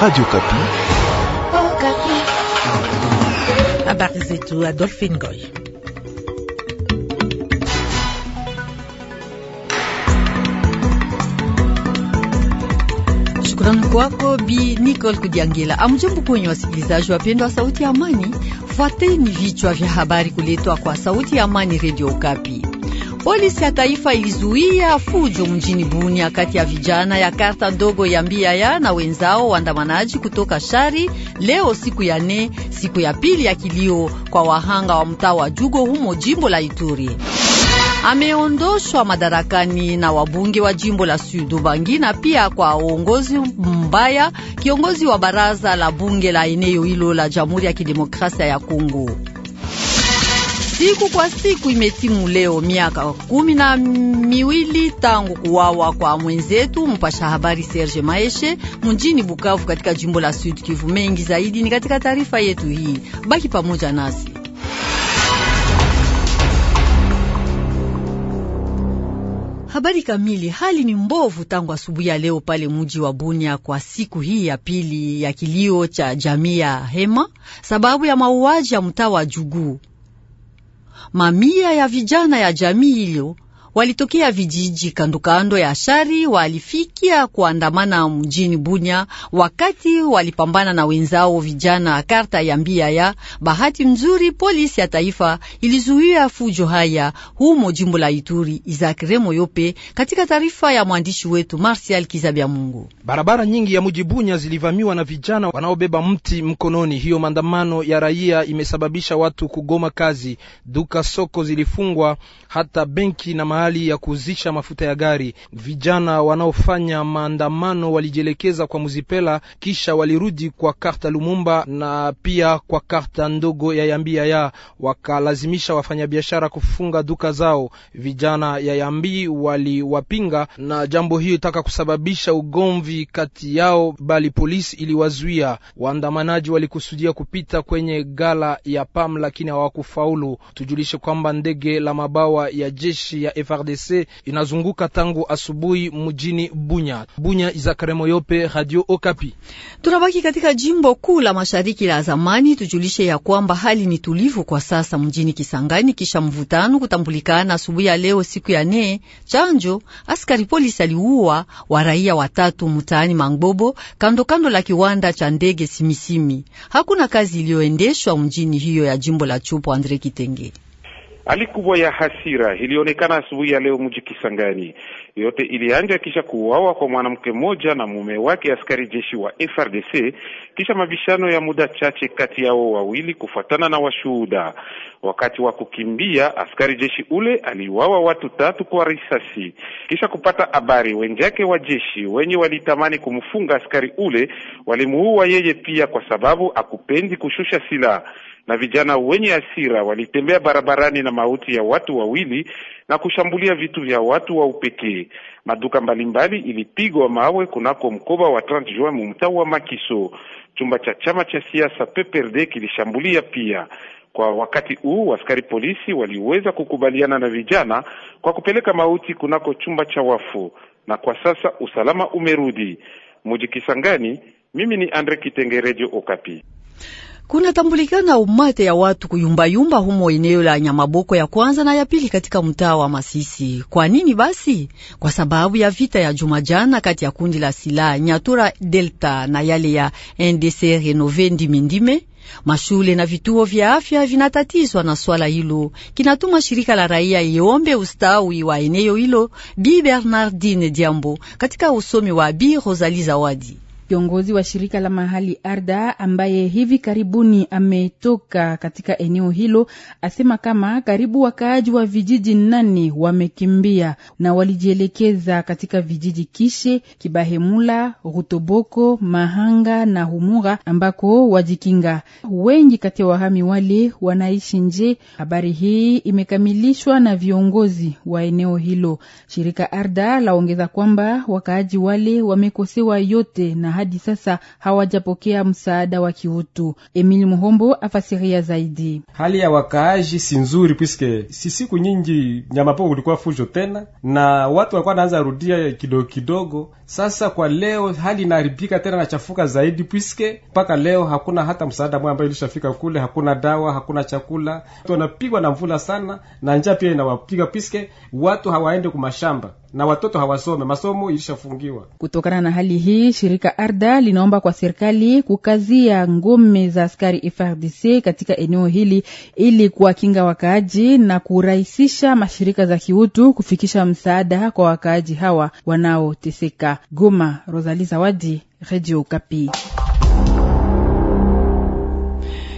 Radio oh, Kapi. Habari zetu Adolphine Goy. Shukrani kwako Bi Nicole Kudiangela. Amjambo kwenye wasikilizaji wapendwa wa Sauti ya Amani, fuateni vichwa vya habari kuletwa kwa Sauti ya Amani Radio Kapi. Polisi ya taifa ilizuia fujo mjini Bunia kati ya vijana ya karta ndogo ya Mbiaya na wenzao waandamanaji kutoka Shari leo siku ya ne, siku ya pili ya kilio kwa wahanga wa mtaa wa Jugo humo jimbo la Ituri. Ameondoshwa madarakani na wabunge wa jimbo la Sud Ubangi na pia kwa uongozi mbaya, kiongozi wa baraza la bunge la eneo hilo la Jamhuri ya Kidemokrasia ya Kongo. Siku kwa siku imetimu leo miaka kumi na miwili tangu kuwawa kwa mwenzetu mpasha habari Serge Maeshe mjini Bukavu katika jimbo la Sud Kivu. Mengi zaidi ni katika taarifa yetu hii, baki pamoja nasi. Habari kamili. Hali ni mbovu tangu asubuhi ya leo pale mji wa Bunia kwa siku hii ya pili ya kilio cha jamii ya Hema sababu ya mauaji ya mtaa wa Juguu Mamia ya vijana ya jamii hilo walitokea vijiji kandokando ya shari, walifikia kuandamana mjini Bunya wakati walipambana na wenzao vijana karta ya mbia ya bahati mzuri polisi ya taifa ilizuia fujo haya humo jimbo la Ituri. Remo yope katika taarifa ya mwandishi wetu Martial Kizabia Mungu. Barabara nyingi ya mji Bunya zilivamiwa na vijana wanaobeba mti mkononi. Hiyo maandamano ya raia imesababisha watu kugoma kazi, duka, soko zilifungwa, hata benki na mahali mahali ya kuuzisha mafuta ya gari. Vijana wanaofanya maandamano walijielekeza kwa Muzipela, kisha walirudi kwa karta Lumumba na pia kwa karta ndogo ya Yambia Yaya, wakalazimisha wafanyabiashara kufunga duka zao. Vijana ya Yambi waliwapinga na jambo hiyo itaka kusababisha ugomvi kati yao, bali polisi iliwazuia. Waandamanaji walikusudia kupita kwenye gala ya PAM lakini hawakufaulu. Tujulishe kwamba ndege la mabawa ya jeshi ya FARDC inazunguka tangu asubuhi mjini Bunya. Bunya, Izakare Moyope, Radio Okapi. Tunabaki katika jimbo kuu la mashariki la zamani, tujulishe ya kwamba hali ni tulivu kwa sasa mjini Kisangani kisha mvutano kutambulikana asubuhi ya leo siku ya nne chanjo. Askari polisi aliua wa raia watatu mtaani Mangbobo kando kando la kiwanda cha ndege Simisimi. Hakuna kazi iliyoendeshwa mjini hiyo ya jimbo la Chupo. Andre Kitenge Hali kubwa ya hasira ilionekana asubuhi ya leo mji Kisangani. Yote ilianja kisha kuuawa kwa mwanamke mmoja na mume wake askari jeshi wa FRDC kisha mabishano ya muda chache kati yao wawili kufuatana na washuhuda. Wakati wa kukimbia, askari jeshi ule aliuawa watu tatu kwa risasi. Kisha kupata habari, wenzake wa jeshi wenye walitamani kumfunga askari ule walimuua yeye pia, kwa sababu akupendi kushusha silaha na vijana wenye hasira walitembea barabarani na mauti ya watu wawili na kushambulia vitu vya watu wa upekee. Maduka mbalimbali ilipigwa mawe kunako mkoba wa Transjuin mumtaa wa Makiso. Chumba cha chama cha siasa PPRD kilishambulia pia. Kwa wakati huu askari polisi waliweza kukubaliana na vijana kwa kupeleka mauti kunako chumba cha wafu, na kwa sasa usalama umerudi muji Kisangani. Mimi ni Andre Kitengerejo, Okapi. Kunatambulikana umate ya watu kuyumbayumba humo eneo la Nyamaboko ya kwanza na ya pili katika mtaa wa Masisi. Kwa nini basi? Kwa sababu ya vita ya jumajana kati ya kundi la silaha Nyatura Delta na yale ya NDC Renove Ndimindime Mashule na vituo vya afya vinatatizwa na swala hilo, kinatuma shirika la raia iombe ustawi wa eneo hilo. Bi Bernardine Diambo katika usomi wa Bi Rosali Zawadi. Kiongozi wa shirika la mahali Arda ambaye hivi karibuni ametoka katika eneo hilo asema kama karibu wakaaji wa vijiji nane wamekimbia na walijielekeza katika vijiji Kishe, Kibahemula, Rutoboko, Mahanga na Humura ambako wajikinga. Wengi kati ya wahami wale wanaishi nje. Habari hii imekamilishwa na viongozi wa eneo hilo. Shirika Arda laongeza kwamba wakaaji wale wamekosewa yote na hadi sasa hawajapokea msaada wa kiutu. Emil Muhombo afasiria zaidi. Hali ya wakaaji si nzuri, piske si siku nyingi nyamapoo kulikuwa fujo tena, na watu walikuwa naanza rudia kidogo kidogo. Sasa kwa leo hali inaharibika tena nachafuka zaidi, piske mpaka leo hakuna hata msaada mmoja ambayo ilishafika kule. Hakuna dawa, hakuna chakula, wanapigwa na mvula sana na njaa pia inawapiga, piske watu hawaende kumashamba na watoto hawasome, masomo ilishafungiwa kutokana na hali hii shirika Arda linaomba kwa serikali kukazia ngome za askari frdc katika eneo hili ili kuwakinga wakaaji na kurahisisha mashirika za kiutu kufikisha msaada kwa wakaaji hawa wanaoteseka. Goma, Rosali Zawadi, Radio Kapi.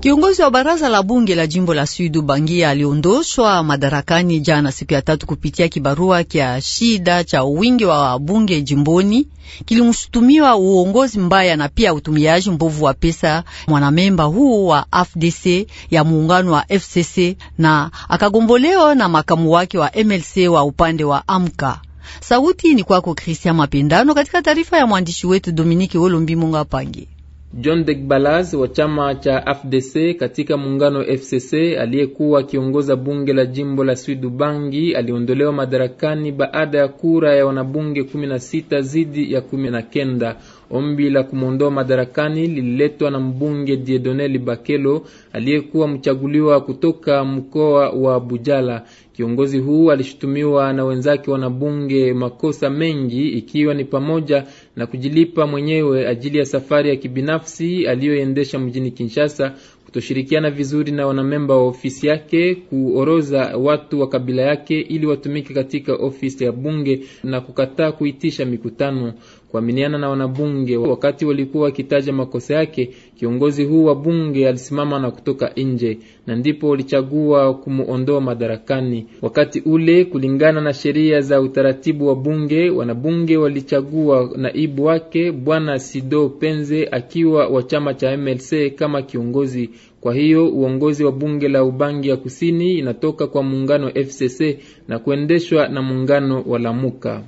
Kiongozi wa baraza la bunge la jimbo la Sud Bangia aliondoshwa madarakani jana siku ya tatu kupitia kibarua kya shida cha wingi wa wabunge jimboni. Kilimshutumiwa uongozi mbaya na pia utumiaji mbovu wa pesa mwanamemba huu wa FDC ya muungano wa FCC, na akagombolewa na makamu wake wa MLC wa upande wa Amka. Sauti ni kwako Kristian Mapindano, katika taarifa ya mwandishi wetu Dominike Olombi Mungapange. John Degbalaz wa chama cha FDC katika muungano FCC aliyekuwa akiongoza bunge la jimbo la Sud Ubangi aliondolewa madarakani baada ya kura ya wanabunge 16 zidi ya 19. Ombi la kumwondoa madarakani lililetwa na mbunge Diedone Libakelo aliyekuwa mchaguliwa kutoka mkoa wa Bujala. Kiongozi huu alishutumiwa na wenzake wanabunge makosa mengi, ikiwa ni pamoja na kujilipa mwenyewe ajili ya safari ya kibinafsi aliyoendesha mjini Kinshasa, kutoshirikiana vizuri na wanamemba wa ofisi yake, kuoroza watu wa kabila yake ili watumike katika ofisi ya bunge na kukataa kuitisha mikutano. Kuaminiana na wanabunge, wakati walikuwa wakitaja makosa yake, kiongozi huu wa bunge alisimama na kutoka nje, na ndipo walichagua kumuondoa madarakani. Wakati ule, kulingana na sheria za utaratibu wa bunge, wanabunge walichagua naibu wake bwana Sido Penze akiwa wa chama cha MLC kama kiongozi. Kwa hiyo uongozi wa bunge la Ubangi ya Kusini inatoka kwa muungano FCC na kuendeshwa na muungano wa Lamuka.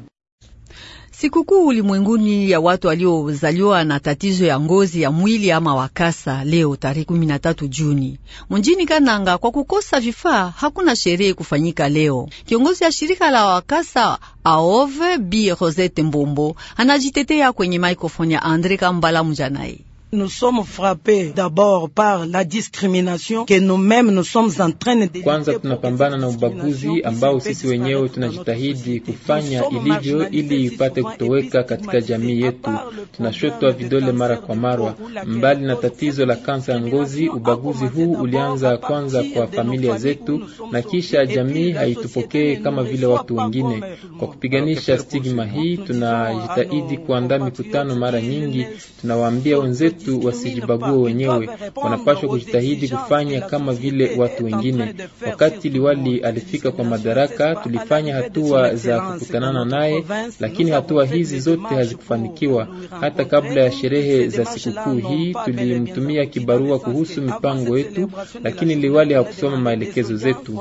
Sikukuu ulimwenguni ya watu waliozaliwa na tatizo ya ngozi ya mwili ama wakasa, leo tarehe 13 Juni mjini Kananga. Kwa kukosa vifaa, hakuna sherehe kufanyika leo. Kiongozi ya shirika la wakasa Aove Bi Rosette Mbombo anajitetea kwenye maikrofoni ya Andre Kambala Mjanai. Nous sommes frappés d'abord par la discrimination que nous-mêmes nous sommes en train de kwanza, tunapambana na ubaguzi ambao sisi wenyewe tunajitahidi kufanya ilivyo ili ipate kutoweka katika jamii yetu. Tunashotwa vidole mara kwa mara. Mbali na tatizo la kansa ya ngozi, ubaguzi huu ulianza kwanza kwa familia zetu, na kisha jamii haitupokee kama vile watu wengine. Kwa kupiganisha stigma hii, tunajitahidi kuandaa mikutano mara nyingi, tunawaambia wenzetu watu wasijibague wenyewe, wanapaswa kujitahidi kufanya kama vile watu wengine. Wakati liwali alifika kwa madaraka, tulifanya hatua za kukutanana naye, lakini hatua hizi zote hazikufanikiwa. Hata kabla ya sherehe za sikukuu hii, tulimtumia kibarua kuhusu mipango yetu, lakini liwali hakusoma maelekezo zetu.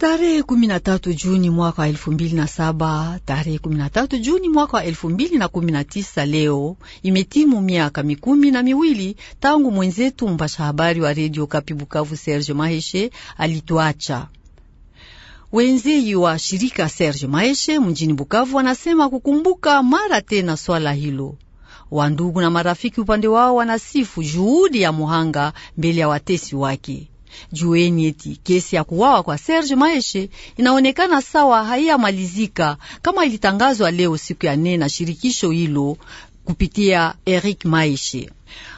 Tarehe 13 Juni mwaka wa 2007, tarehe 13 Juni mwaka wa 2019, leo imetimu miaka mikumi na miwili tangu mwenzetu mpasha habari wa redio Kapi Bukavu Serge Maheshe alituacha. Wenzeyi wa shirika Serge Maheshe mjini Bukavu wanasema kukumbuka mara tena swala hilo. Wandugu na marafiki upande wao wanasifu juhudi ya muhanga mbele ya watesi wake. Jueni eti kesi ya kuwawa kwa Serge Maeshe inaonekana sawa haiyamalizika kama ilitangazwa leo siku ya nne na shirikisho hilo kupitia Eric Maishi.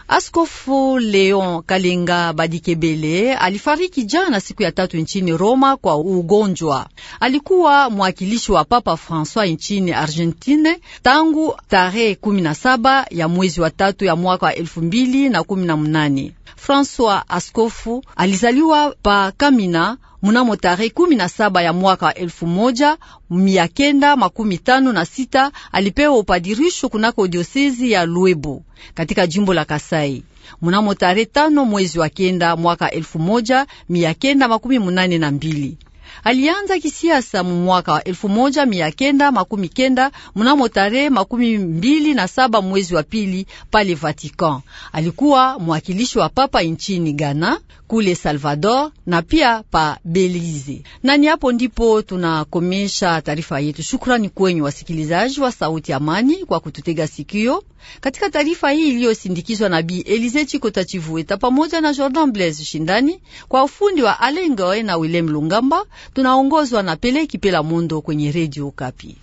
Askofu Leon Kalenga Badikebele alifariki jana siku ya tatu nchini Roma kwa ugonjwa. Alikuwa mwakilishi wa Papa Francois nchini Argentine tangu tarehe 17 ya mwezi wa tatu ya mwaka wa 2018. Francois askofu alizaliwa pa Kamina mnamo tarehe kumi na saba ya mwaka elfu moja mia kenda makumi tano na sita alipewa upadirisho kunako diosezi ya Luebo katika jimbo la Kasai. Mnamo tarehe tano mwezi wa kenda mwaka elfu moja mia kenda makumi munane na mbili alianza kisiasa mu mwaka wa elfu moja mia kenda makumi kenda mnamo tarehe makumi mbili na saba mwezi wa pili pale Vatican. Alikuwa mwakilishi wa papa nchini Ghana kule Salvador na pia pa Belize. Na ni hapo ndipo tunakomesha taarifa yetu. Shukrani kwenyu wasikilizaji wa Sauti ya Amani kwa kututega sikio katika taarifa hii iliyosindikizwa na Bi Elize Chikota Chivueta pamoja na Jordan Blaise Shindani kwa ufundi wa Alengoe na Willem Lungamba. Tunaongozwa na Peleki Pela Mundo kwenye Redio Kapi.